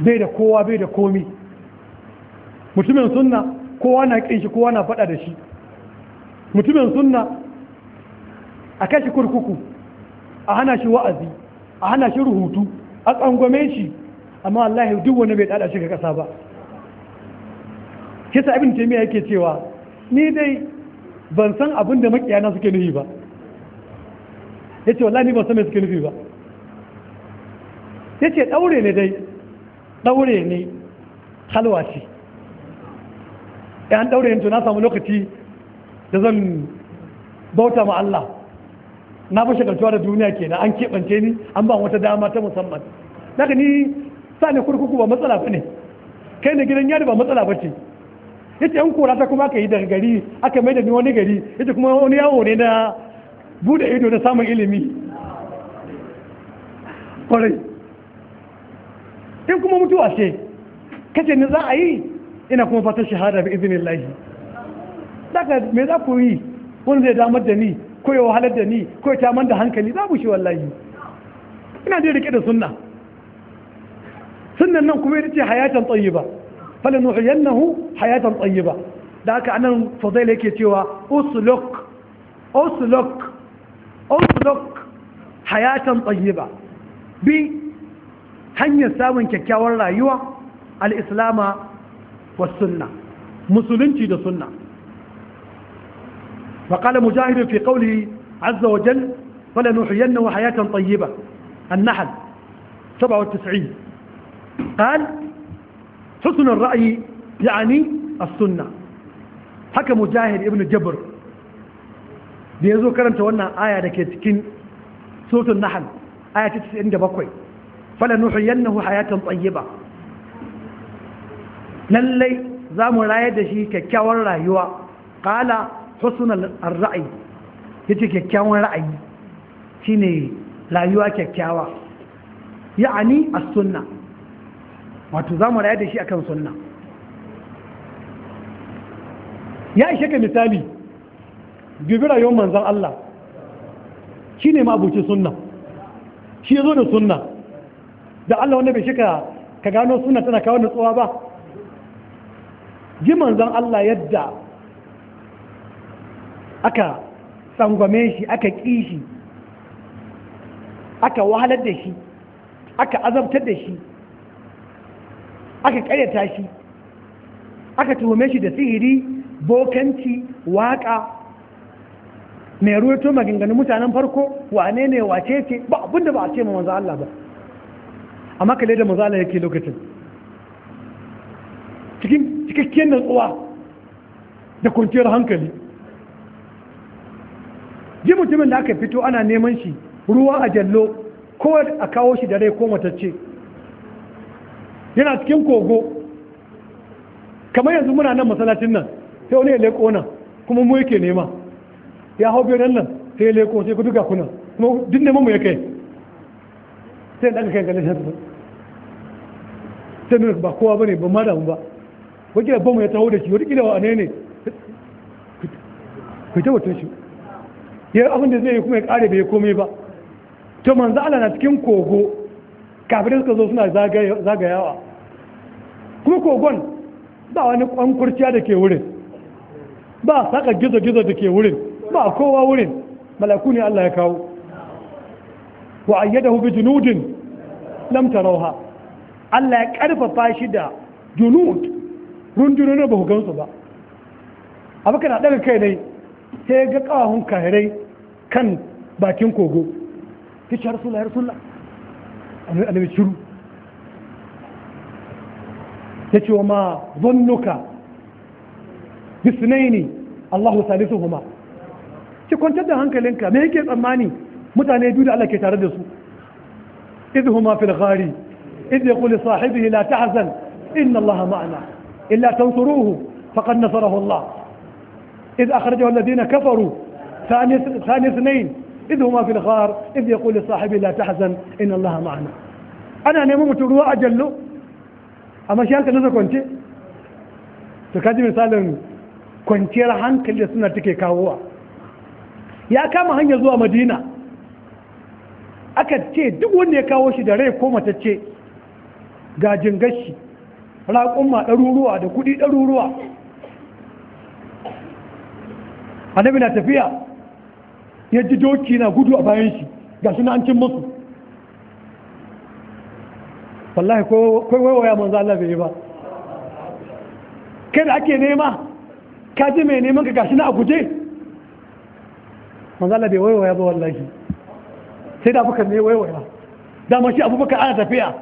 bai da kowa bai da komi mutumin sunna kowa na ƙin shi kowa na faɗa da shi mutumin sunna a kashi kurkuku a hana shi wa'azi a hana shi rubutu a tsangwame shi amma Allah duk wani bai dada shi ga ƙasa ba kisa abin taimiyya yake cewa ni dai ban san abin da makiyana suke nufi ba ya ce wallahi ban san mai suke nufi ba ya ce ɗaure ne dai ɗaure ne halwa ce ya an daure yanzu na samu lokaci da zan bauta ma Allah na fashe shagaltuwa da duniya na an keɓance ni an ba wata dama ta musamman daga ni sa ne kurkuku ba matsala ba ne kai ne gidan yari ba matsala ba ce ce yan kora ta kuma aka yi daga gari aka mai da ni wani gari ce kuma wani yawo ne na bude ido da samun ilimi kwarai in kuma mutuwa ce kace ni za a yi ina kuma fatan shahada bi izinin lahi daga me za ku yi wani zai damar da ni ko ya wahalar da ni ko ya tamar da hankali za mu shi wallahi ina dai rike da sunna sunnan nan kuma ita ce hayatan tayyiba Nuhu nuhiyannahu hayatan tayyiba da haka anan fadaila yake cewa usluk usluk Oslok, hayatan tayyiba bi hanyar samun kyakkyawar rayuwa al-islama wa sunna musulunci da sunna wa qala mujahid fi qawli azza wa jalla wala 97 قال حسن الرأي يعني السنة haka mujahid ibnu jabir da ya zo karanta wannan aya da ke cikin sotun nahal aya ta 97 fala nuhiyannahu hayatan tayyiba lallai za mu raya da shi kyakkyawar rayuwa ƙala husnul ra'ayi ya ce kyakkyawan ra'ayi shine rayuwa kyakkyawa Ya ani a sunna wato za mu raya da shi akan sunna ya ishe ka misali dubi rayuwar manzon Allah shine ma abuci sunna shi ya zo da sunna da Allah wanda bai shika ka gano sunna tana kawo nutsuwa ba ji manzon Allah yadda aka sangwame shi aka ƙi shi aka wahalar da shi aka azabtar da shi aka ƙaryata shi aka tuhume shi da sihiri bokanci waƙa mai ruwato maganganun mutanen farko wane ne wace ce ba abinda ba a ce ma manzo Allah ba amma kale da manzo Allah yake lokacin cikin cikakkiyar natsuwa da kwanciyar hankali ji mutumin da aka fito ana neman shi ruwa a jallo ko a kawo shi da rai ko matacce yana cikin kogo kamar yanzu muna nan masalacin nan sai wani ya leko nan kuma mu yake nema ya hau biyar nan sai ya leko sai ku duka kuna kuma duk neman mu ya kai sai ɗan kai ganin sai nuna ba kowa bane ba ma damu ba wakil bom ya taho da shi wata wa ne ne fita wata shi ya abin da zai yi kuma ya kare bai komai ba to manzo Allah na cikin kogo kafin suka zo suna zagayawa kuma kogon ba wani kwankurciya da ke wurin ba saka gizo-gizo da ke wurin ba kowa wurin malaku ne Allah ya kawo wa hu bi junudin lam tarawha Allah ya karfafa shi da junud rundunonin ba ku gansu ba abu na daga kai dai sai ga kawahun kahirai kan bakin kogo ta ce harsulla harsulla annabi shiru ta ce wa ma zonnuka bisnaini allahu salisu huma ki kwantar da hankalinka me yake tsammani mutane biyu da allah ke tare da su idhuma fil ghari idh yaqulu sahibihi la tahzan inna allaha ma'ana إلا تنصروه فقد نصره الله إذ أخرجه الذين كفروا ثاني اثنين إذ هما في الغار إذ يقول لصاحبه لا تحزن إن الله معنا أنا نمو متروا أجله amma shi hankalin sa kwance to kaji misalin kwanciyar hankali da suna take kawowa ya kama hanyar zuwa madina aka ce duk wanda ya kawo shi da rai ko matacce ga gashi. raƙumma ɗaruruwa da kuɗi ɗaruruwa annabi na tafiya ya ji doki na gudu a bayan shi ga suna na an cin musu wallahi ko waiwaya manzo Allah bai yi ba kai da ake nema ka ji mai neman ka gashi na a guje manzo Allah bai waiwaya ba wallahi sai da abubakar ne waiwaya dama shi abubakar ana tafiya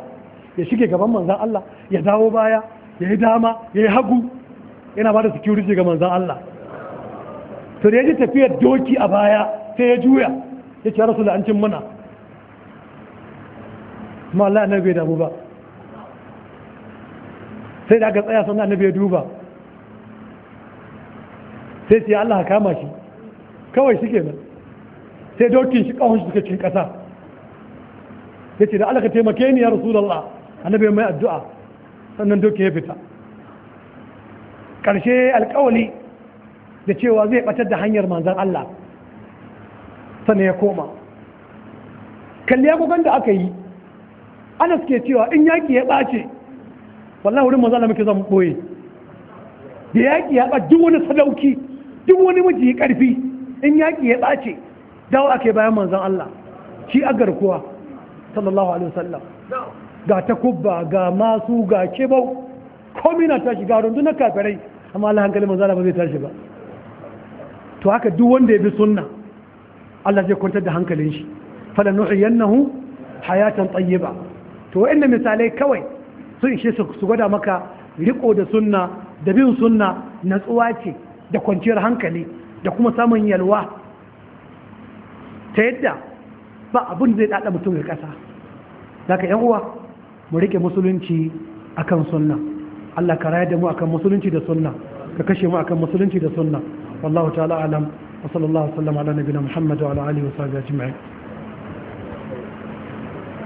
ya shige gaban manzan Allah ya dawo baya ya yi dama ya yi hagu yana ba da security ga manzan Allah to da ya ji tafiyar doki a baya sai ya juya ya ce rasu cin mana kuma Allah na bai damu ba sai da aka tsaya sun na bai duba sai sai Allah kama shi kawai shi kenan sai dokin shi kawon shi suka cikin kasa ya ce da Allah ka taimake ni ya rasu Allah annabi mai addu'a sannan doki ya fita karshe alƙawali da cewa zai ɓatar da hanyar manzan Allah sannan ya koma kalli agogon da aka yi ana suke cewa in yaƙi ya ɓace wallah wurin manzan Allah muke zan ɓoye da yaƙi ya ɓace duk wani sadauki duk wani miji ƙarfi in yaƙi ya ɓace dawo ake bayan manzan Allah shi a garkuwa sallallahu alaihi wasallam ga takubba ga masu ga kebau komi na tashi ga rundunar kafirai amma Allah hankali manzo Allah ba zai tashi ba to haka duk wanda ya bi sunna Allah zai kwantar da hankalin shi fala nuhiyannahu hayatan tayyiba to wa'annan misalai kawai sun ishe su gwada maka riko da sunna da bin sunna natsuwa ce da kwanciyar hankali da kuma samun yalwa ta yadda ba abin zai dada mutum ga kasa zaka yan uwa mu rike musulunci akan sunna Allah ka raya da mu akan musulunci da sunna ka kashe mu akan musulunci da sunna wallahu ta'ala alam wa sallallahu alaihi wa sallam ala nabiyina muhammad wa ala alihi wa sahbihi ajma'in